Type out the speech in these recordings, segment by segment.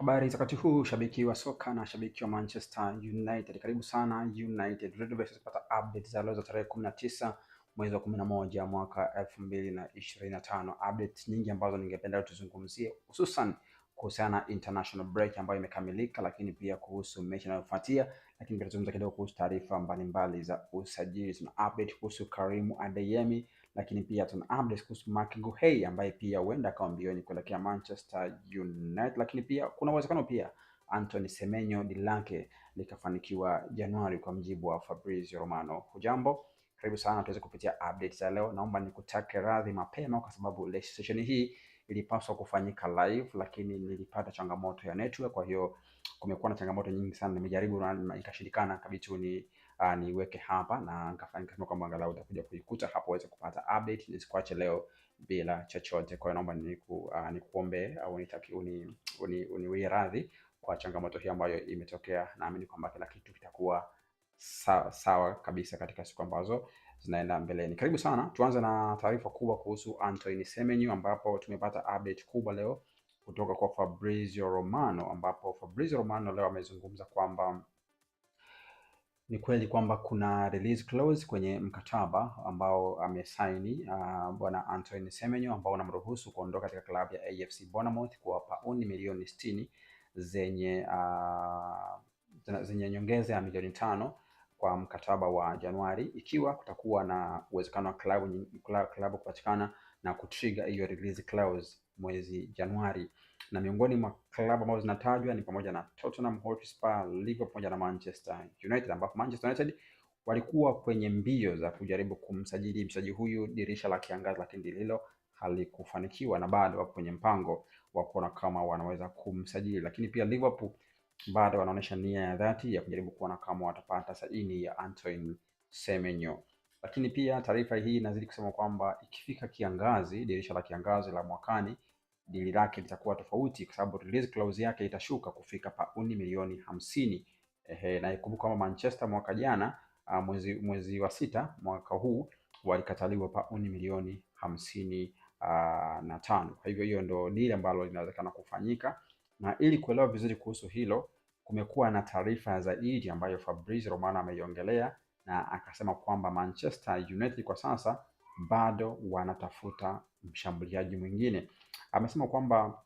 Habari za wakati huu, shabiki wa soka na shabiki wa Manchester United, karibu sana United Red Devils kupata update za leo za tarehe kumi na tisa mwezi wa kumi na moja mwaka elfu mbili na ishirini na tano. Updates nyingi ambazo ningependa tuzungumzie, hususan kuhusiana na international break ambayo imekamilika, lakini pia kuhusu mechi inayofuatia lakini pia tutazungumza kidogo kuhusu taarifa mbalimbali za usajili. Tuna update kuhusu Karimu Adeyemi, lakini pia tuna update kuhusu Mark Guehi ambaye pia huenda akawa mbioni kuelekea Manchester United, lakini pia kuna uwezekano pia Anthony Semenyo Dilanke likafanikiwa Januari kwa mjibu wa Fabrizio Romano. Hujambo, karibu sana tuweze kupitia update za leo. Naomba nikutake radhi mapema kwa sababu sesheni hii ilipaswa kufanyika live, lakini nilipata changamoto ya network. Kwa hiyo kumekuwa na changamoto nyingi sana, nimejaribu na ikashindikana, kabitu ni uh, niweke hapa na nikasema kwamba angalau utakuja kuikuta hapo uweze kupata update, nisikuache leo bila chochote. Kwa hiyo naomba niku, uh, nikuombe au uh, uni uni, uni, uni radhi kwa changamoto hii ambayo imetokea. Naamini kwamba kila kitu kitakuwa sawa sawa kabisa katika siku ambazo zinaenda mbeleni. Karibu sana, tuanze na taarifa kubwa kuhusu Antoine Semenyu, ambapo tumepata update kubwa leo kutoka kwa Fabrizio Romano, ambapo Fabrizio Romano leo amezungumza kwamba ni kweli kwamba kuna release clause kwenye mkataba ambao amesaini uh, bwana Antoine Semenyu ambao unamruhusu kuondoka katika klabu ya AFC Bournemouth kwa pauni milioni 60 zenye uh, zenye nyongeza ya milioni tano kwa mkataba wa Januari ikiwa kutakuwa na uwezekano wa klabu, klabu, kupatikana na kutrigger hiyo release clause mwezi Januari, na miongoni mwa klabu ambazo zinatajwa ni pamoja na Tottenham Hotspur, Liverpool pamoja na Manchester United, ambapo Manchester United walikuwa kwenye mbio za kujaribu kumsajili mchezaji huyu dirisha la kiangazi, lakini lililo halikufanikiwa na bado wapo kwenye mpango wa kuona kama wanaweza kumsajili, lakini pia Liverpool bado wanaonyesha nia ya dhati ya kujaribu kuona kama watapata saini ya Antoine Semenyo. Lakini pia taarifa hii inazidi kusema kwamba ikifika kiangazi, dirisha la kiangazi la mwakani, dili lake litakuwa tofauti kwa sababu release clause yake itashuka kufika pauni milioni hamsini. Ehe, na ikumbuka kwamba Manchester mwaka jana mwezi, mwezi wa sita mwaka huu walikataliwa pauni milioni hamsini uh, na tano. Kwa hivyo hiyo ndo dili ambalo linawezekana kufanyika na ili kuelewa vizuri kuhusu hilo, kumekuwa na taarifa zaidi ambayo Fabrizio Romano ameiongelea na akasema kwamba Manchester United kwa sasa bado wanatafuta mshambuliaji mwingine. Amesema kwamba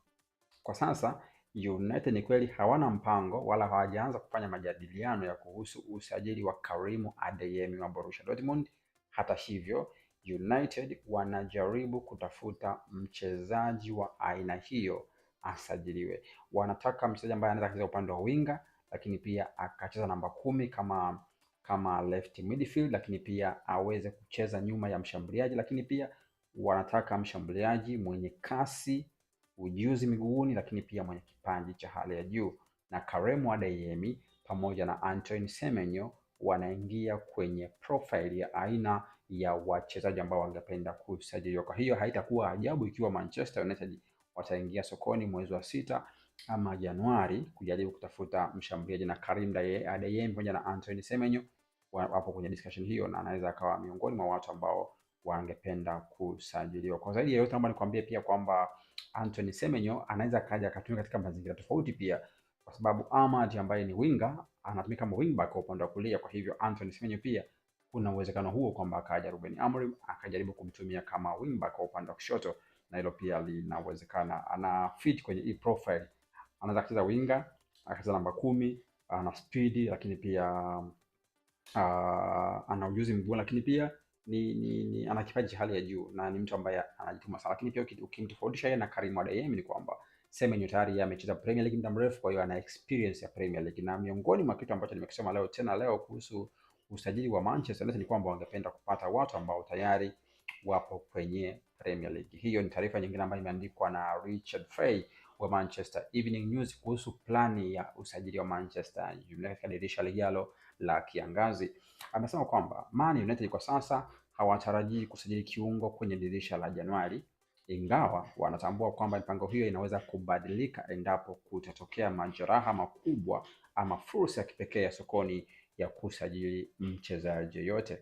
kwa sasa United ni kweli hawana mpango wala hawajaanza kufanya majadiliano ya kuhusu usajili wa Karimu Adeyemi wa Borussia Dortmund. Hata hivyo, United wanajaribu kutafuta mchezaji wa aina hiyo asajiliwe. Wanataka mchezaji ambaye anaweza kucheza upande wa winga, lakini pia akacheza namba kumi kama kama left midfield, lakini pia aweze kucheza nyuma ya mshambuliaji, lakini pia wanataka mshambuliaji mwenye kasi, ujuzi miguuni, lakini pia mwenye kipaji cha hali ya juu. Na Karemu Adeyemi pamoja na Antoine Semenyo wanaingia kwenye profile ya aina ya wachezaji ambao wangependa kusajiliwa. Kwa hiyo haitakuwa ajabu ikiwa Manchester United wataingia sokoni mwezi wa sita ama Januari kujaribu kutafuta mshambuliaji, na Karim Adeyemi pamoja na Anthony Semenyo wapo kwenye discussion hiyo, na anaweza akawa miongoni mwa watu ambao wangependa kusajiliwa. Kwa zaidi yote, naomba nikwambie pia kwamba Anthony Semenyo anaweza kaja akatumika katika mazingira tofauti pia, kwa sababu Ahmad ambaye ni winga anatumika kama wingback kwa upande wa kulia. Kwa hivyo Anthony Semenyo pia kuna uwezekano huo kwamba akaja Ruben Amorim akajaribu kumtumia kama wingback kwa upande wa kushoto na hilo pia linawezekana. Ana fit kwenye hii profile, anaweza kucheza winga, akacheza namba kumi, ana speed lakini pia uh, ana ujuzi mkubwa, lakini pia ni, ni, ni ana kipaji hali ya juu na ni mtu ambaye anajituma sana, lakini pia ukimtofautisha yeye na Karim Adeyemi ni kwamba Semenyo tayari amecheza Premier League muda mrefu, kwa hiyo ana experience ya Premier League. Na miongoni mwa kitu ambacho nimekisema leo tena leo kuhusu usajili wa Manchester United ni kwamba wangependa kupata watu ambao tayari wapo kwenye Premier League. Hiyo ni taarifa nyingine ambayo imeandikwa na Richard Frey wa Manchester Evening News kuhusu plani ya usajili wa Manchester United katika dirisha lijalo la kiangazi. Amesema kwamba Man United kwa sasa hawatarajii kusajili kiungo kwenye dirisha la Januari, ingawa wanatambua kwamba mipango hiyo inaweza kubadilika endapo kutatokea majeraha makubwa ama fursa ya kipekee ya sokoni ya kusajili mchezaji yoyote.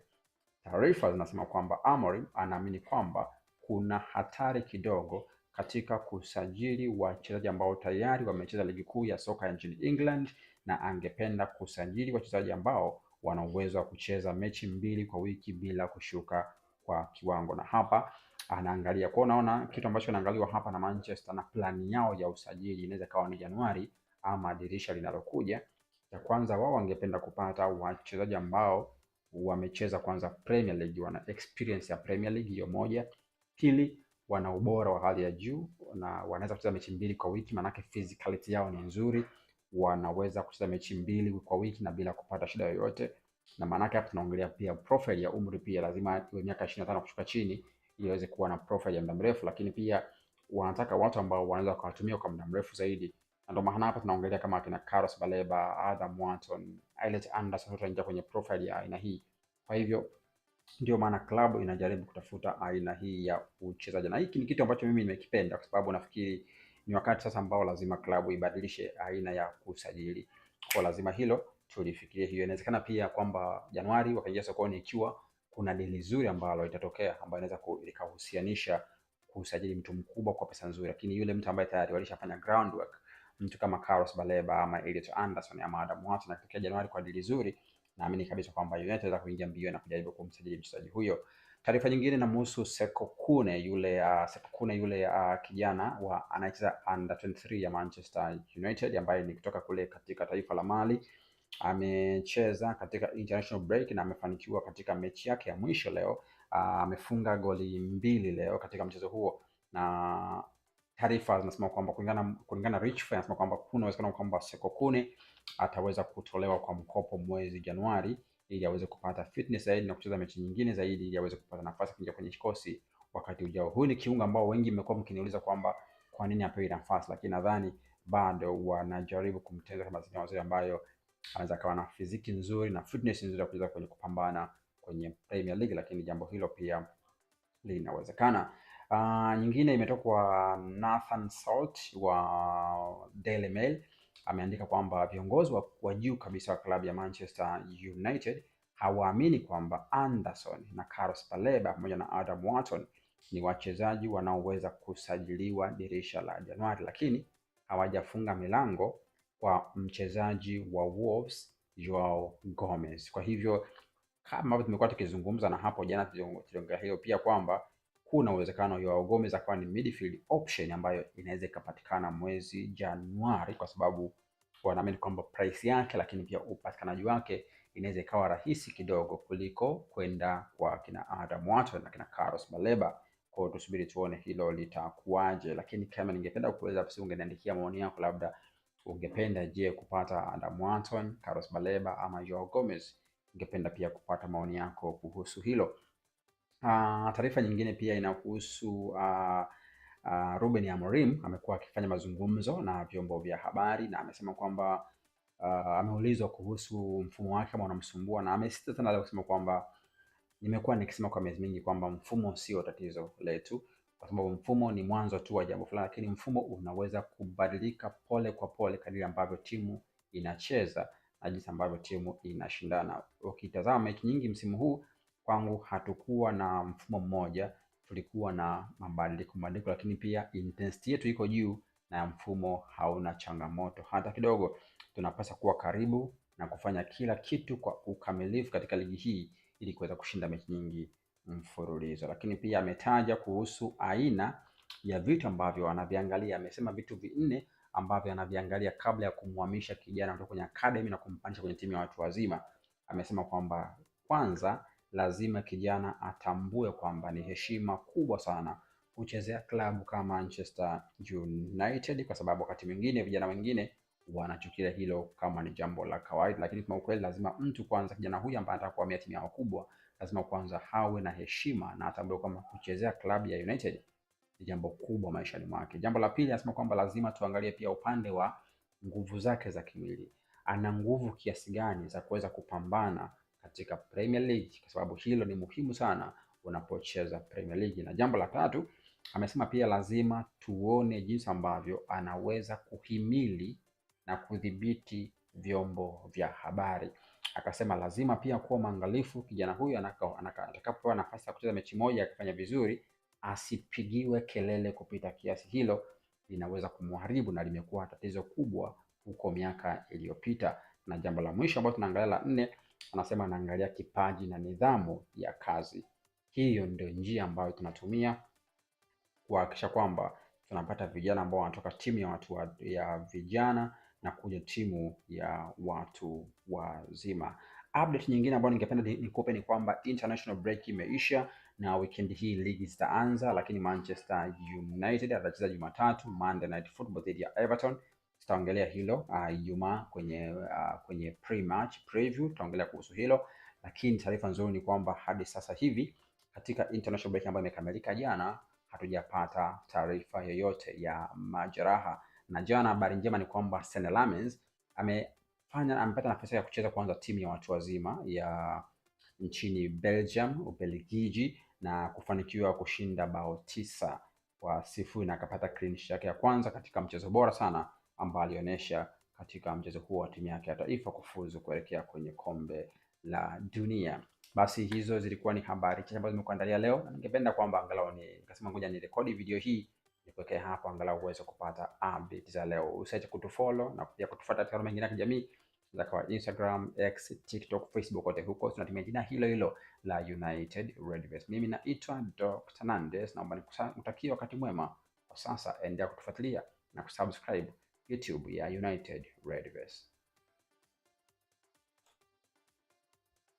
Taarifa zinasema kwamba Amorim anaamini kwamba kuna hatari kidogo katika kusajili wachezaji ambao tayari wamecheza ligi kuu ya soka nchini England na angependa kusajili wachezaji ambao wana uwezo wa kucheza mechi mbili kwa wiki bila kushuka kwa kiwango, na hapa anaangalia kwa, unaona kitu ambacho anaangaliwa hapa na Manchester na plani yao ya usajili inaweza kawa ni Januari ama dirisha linalokuja. Ya kwanza wao wangependa kupata wachezaji ambao wamecheza kwanza Premier League, wana experience ya Premier League hiyo moja. Pili, wana ubora wa hali ya juu na wanaweza kucheza mechi mbili kwa wiki, maanake physicality yao ni nzuri, wanaweza kucheza mechi mbili kwa wiki na bila kupata shida yoyote. Na maanake hapa tunaongelea pia profile ya umri, pia lazima iwe miaka 25 kushuka chini ili waweze kuwa na profile ya muda mrefu, lakini pia wanataka watu ambao wanaweza kuwatumia kwa muda mrefu zaidi na ndio maana hapa tunaongelea kama akina Carlos Baleba, Adam Wanton, Elliot Anderson tutaingia kwenye profile ya aina hii. Kwa hivyo ndio maana klabu inajaribu kutafuta aina hii ya uchezaji, na hiki ni kitu ambacho mimi nimekipenda kwa sababu nafikiri ni wakati sasa ambao lazima klabu ibadilishe aina ya kusajili, kwa lazima hilo tulifikirie. Hiyo inawezekana pia kwamba Januari wakaingia sokoni ikiwa kuna dili nzuri ambalo itatokea ambayo inaweza likahusianisha kusajili mtu mkubwa kwa pesa nzuri, lakini yule mtu ambaye tayari walishafanya groundwork mtu kama Carlos Baleba ama Elliot Anderson ama Adam Watson akitokea Januari kwa dili zuri, naamini kabisa kwamba United itaweza kuingia mbio na kujaribu kumsajili mchezaji huyo. Taarifa nyingine inamhusu Seko Kune yule, uh, ah, Seko Kune yule uh, kijana wa anayecheza under 23 ya Manchester United ambaye ni kutoka kule katika taifa la Mali amecheza katika international break na amefanikiwa katika mechi yake ya mwisho leo. Ah, amefunga uh, goli mbili leo katika mchezo huo na taarifa zinasema kwamba kulingana kulingana Rich anasema kwamba kuna uwezekano kwamba Seko Kune ataweza kutolewa kwa mkopo mwezi Januari ili aweze kupata fitness zaidi na kucheza mechi nyingine zaidi ili aweze kupata nafasi kuingia kwenye kikosi wakati ujao. Huyu ni kiungo ambao wengi mmekuwa mkiniuliza kwamba kwa nini apewe nafasi, lakini nadhani bado wanajaribu kumtenga kama zinyo waziri ambayo anaweza kawa na fiziki nzuri na fitness nzuri ya kucheza kwenye kupambana kwenye Premier League, lakini jambo hilo pia linawezekana. Uh, nyingine imetoka kwa Nathan Salt wa Daily Mail, ameandika kwamba viongozi wa, wa juu kabisa wa klabu ya Manchester United hawaamini kwamba Anderson na Carlos paleba pamoja na Adam Wharton ni wachezaji wanaoweza kusajiliwa dirisha la Januari, lakini hawajafunga milango kwa mchezaji wa Wolves Joao Gomez. Kwa hivyo kama ambavyo tumekuwa tukizungumza na hapo jana tuliongea hiyo pia kwamba kuna uwezekano Joao Gomez akawa ni midfield option ambayo inaweza ikapatikana mwezi Januari, kwa sababu wanaamini kwamba price yake, lakini pia upatikanaji wake inaweza ikawa rahisi kidogo kuliko kwenda kwa kina Adam Wharton na kina Carlos Baleba. Kwa hiyo tusubiri tuone hilo litakuwaje, lakini kama ningependa kuweza basi, ungeniandikia maoni yako, labda ungependa je kupata Adam Wharton, Carlos Baleba ama Joao Gomez? Ningependa pia kupata maoni yako kuhusu hilo. Uh, taarifa nyingine pia inahusu uh, ah, uh, ah, Ruben Amorim amekuwa akifanya mazungumzo na vyombo vya habari na amesema kwamba uh, ameulizwa kuhusu mfumo wake kama unamsumbua, na amesita tena leo kusema kwamba nimekuwa nikisema kwa miezi mingi kwamba mfumo sio tatizo letu, kwa sababu mfumo ni mwanzo tu wa jambo fulani, lakini mfumo unaweza kubadilika pole kwa pole kadiri ambavyo timu inacheza na jinsi ambavyo timu inashindana. Ukitazama mechi nyingi msimu huu kwangu hatukuwa na mfumo mmoja, tulikuwa na mabadiliko mabadiliko, lakini pia intensity yetu iko juu na mfumo hauna changamoto hata kidogo. Tunapaswa kuwa karibu na kufanya kila kitu kwa ukamilifu katika ligi hii ili kuweza kushinda mechi nyingi mfululizo. Lakini pia ametaja kuhusu aina ya vitu ambavyo anaviangalia. Amesema vitu vinne ambavyo anaviangalia kabla ya kumhamisha kijana kutoka kwenye academy na kumpandisha kwenye timu ya watu wazima. Amesema kwamba kwanza lazima kijana atambue kwamba ni heshima kubwa sana kuchezea klabu kama Manchester United, kwa sababu wakati mwingine vijana wengine wanachukia hilo kama ni jambo la kawaida, lakini kwa ukweli lazima mtu kwanza, kijana huyu ambaye anataka kuhamia timu yao kubwa, lazima kwanza hawe na heshima na atambue kwamba kuchezea klabu ya United ni jambo kubwa maishani mwake. Jambo la pili, anasema kwamba lazima tuangalie pia upande wa nguvu zake za kimwili, ana nguvu kiasi gani za kuweza kupambana katika Premier League, kwa sababu hilo ni muhimu sana unapocheza Premier League. Na jambo la tatu amesema pia lazima tuone jinsi ambavyo anaweza kuhimili na kudhibiti vyombo vya habari. Akasema lazima pia kuwa mwangalifu, kijana huyu atakapopewa nafasi ya kucheza mechi moja akifanya vizuri asipigiwe kelele kupita kiasi. Hilo linaweza kumharibu na limekuwa tatizo kubwa huko miaka iliyopita. Na jambo la mwisho ambalo tunaangalia la nne anasema anaangalia kipaji na nidhamu ya kazi. Hiyo ndio njia ambayo tunatumia kuhakikisha kwamba tunapata vijana ambao wanatoka timu ya watu wa, ya vijana na kuja timu ya watu wazima. Update nyingine ambayo ningependa nikupe ni kwamba international break imeisha na weekend hii ligi zitaanza, lakini Manchester United atacheza Jumatatu Monday Night Football dhidi ya Everton tutaongelea hilo uh, Ijumaa uh, kwenye uh, kwenye pre-match preview tutaongelea kuhusu hilo, lakini taarifa nzuri ni kwamba hadi sasa hivi katika international break ambayo imekamilika jana hatujapata taarifa yoyote ya majeraha, na jana habari njema ni kwamba Senne Lammens amefanya amepata nafasi ya kucheza kwanza timu ya watu wazima ya nchini Belgium, Ubelgiji na kufanikiwa kushinda bao tisa kwa sifuri na akapata clean sheet yake ya kwanza katika mchezo bora sana ambayo alionyesha katika mchezo huo wa timu yake ya taifa kufuzu kuelekea kwenye kombe la dunia. Basi hizo zilikuwa ni habari chache ambazo nimekuandalia leo, na ningependa kwamba angalau ni nikasema ngoja ni rekodi video hii nikuwekee hapo, angalau uweze kupata update za leo. Usiache kutufollow na pia kutufuata katika mengine ya kijamii kwa Instagram, X, TikTok, Facebook, wote huko tunatumia jina hilo hilo la United Redverse. Mimi naitwa Dr. Nandes, naomba nikutakie wakati mwema. Kwa sasa endelea kutufuatilia na kusubscribe YouTube ya United Redverse.